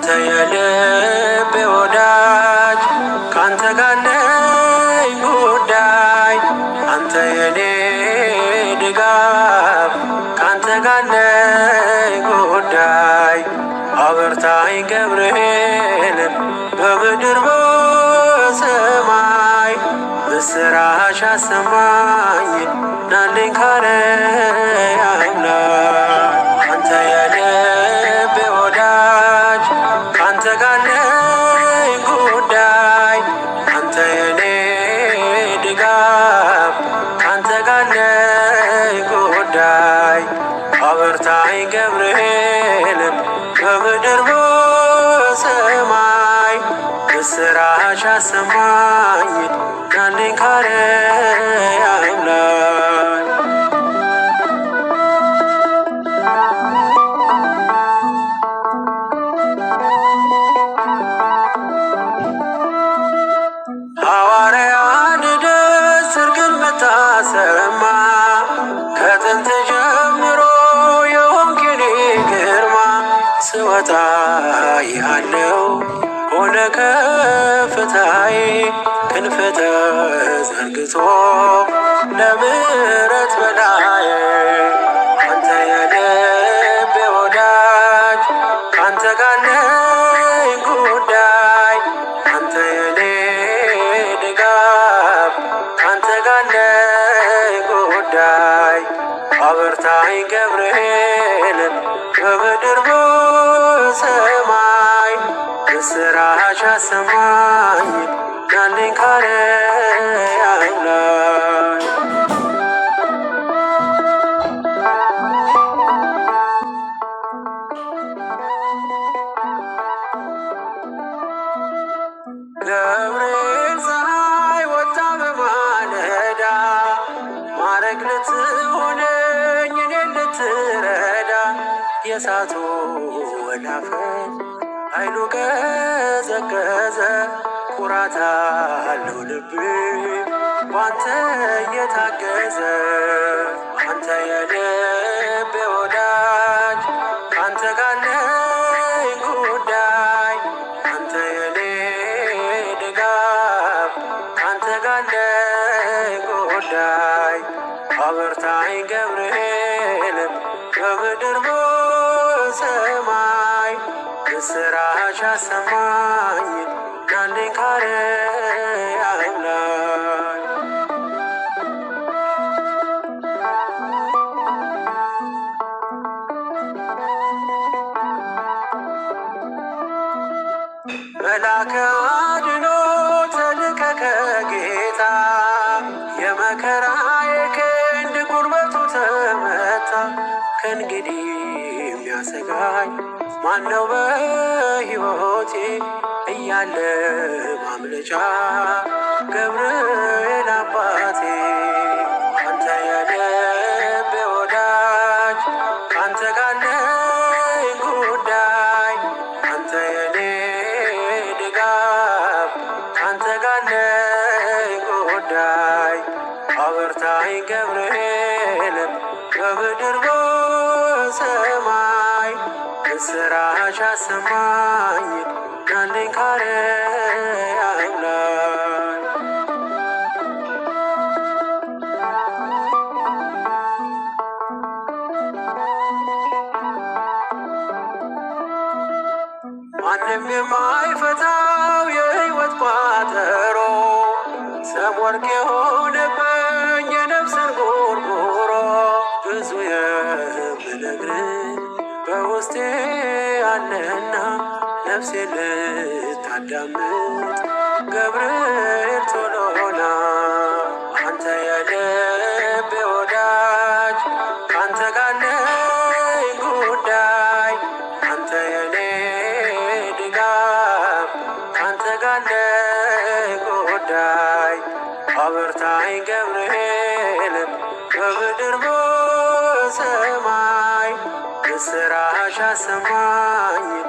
አንተ የልቤ ወዳጅ ካንተ ጋለኝ ጉዳይ አንተ የኔ ድጋፍ ካንተ ጋለኝ ጉዳይ አበርታኝ ገብርኤልን በምድር በሰማይ ምስራሽ አሰማኝ ናልኝ ካለ ዘጋነኝ ጉዳይ አንተ የኔ ድጋፍ አንተ ጋነኝ ጉዳይ አበርታኝ ገብርኤል በምድር በሰማይ በስራሽ አሰማኝ ናንዴን ካረ ፈጣሪ አለው ሆነ ከፍታዬ ክንፍ ተዘርግቶ ለምረት በላይ አንተ የልቤ ወዳጅ አንተ ጋለኝ ጉዳይ አንተ የኔ ድጋፍ አንተ ጋለኝ ጉዳይ አበርታኝ ገብርኤልን በስራሽ አሰማኝ ያለኝ ካለ ያውላል ገብርኤል ፀሐይ ወጣ በማለዳ ማረግ ልትሆነኝ እኔን ልትረዳ የሳቱ ወላፈን ኃይሉ ቀዘቀዘ ኩራት አለው ልብ ባንተ እየታገዘ አንተ የልቤ ወዳጅ አንተ ጋለ ጉዳይ አንተ የኔ ድጋፍ አንተ ጋለ ጉዳይ አበርታኝ ገብርኤል በምድር በሰማይ ስራሽ አሰማኝ ከአንዴን ካሬ መላከ አድኖ ተልከ ከጌታ የመከራ የክንድ ጉልበቱ ተመታ ከእንግዲህ የሚያሰጋኝ ማነው በሕይወቴ እያለ ማምለጫ ገብርኤል አባቴ አንተ የልቤ ወዳጅ አንተ ካለኝ ጉዳይ አንተ የኔ ድጋፍ አንተ ካለኝ ጉዳይ አበርታኝ በምድር ሰማይ በስራሽ አሰማኝ ናለኝ ካርያው ላይ ማንም የማይፈታው የህይወት ቋጠሮ ሰብ ወርቅ የሆነ ነፍሴ ልታዳምጥ ገብርኤል ቶሎና አንተ የልቤ ወዳጅ አንተ ጋለይ ጉዳይ አንተ የኔ ድጋፍ አንተ ጋለይ ጉዳይ አበርታኝ ገብርኤል በምድር በሰማይ ምስራሽ አሰማኝ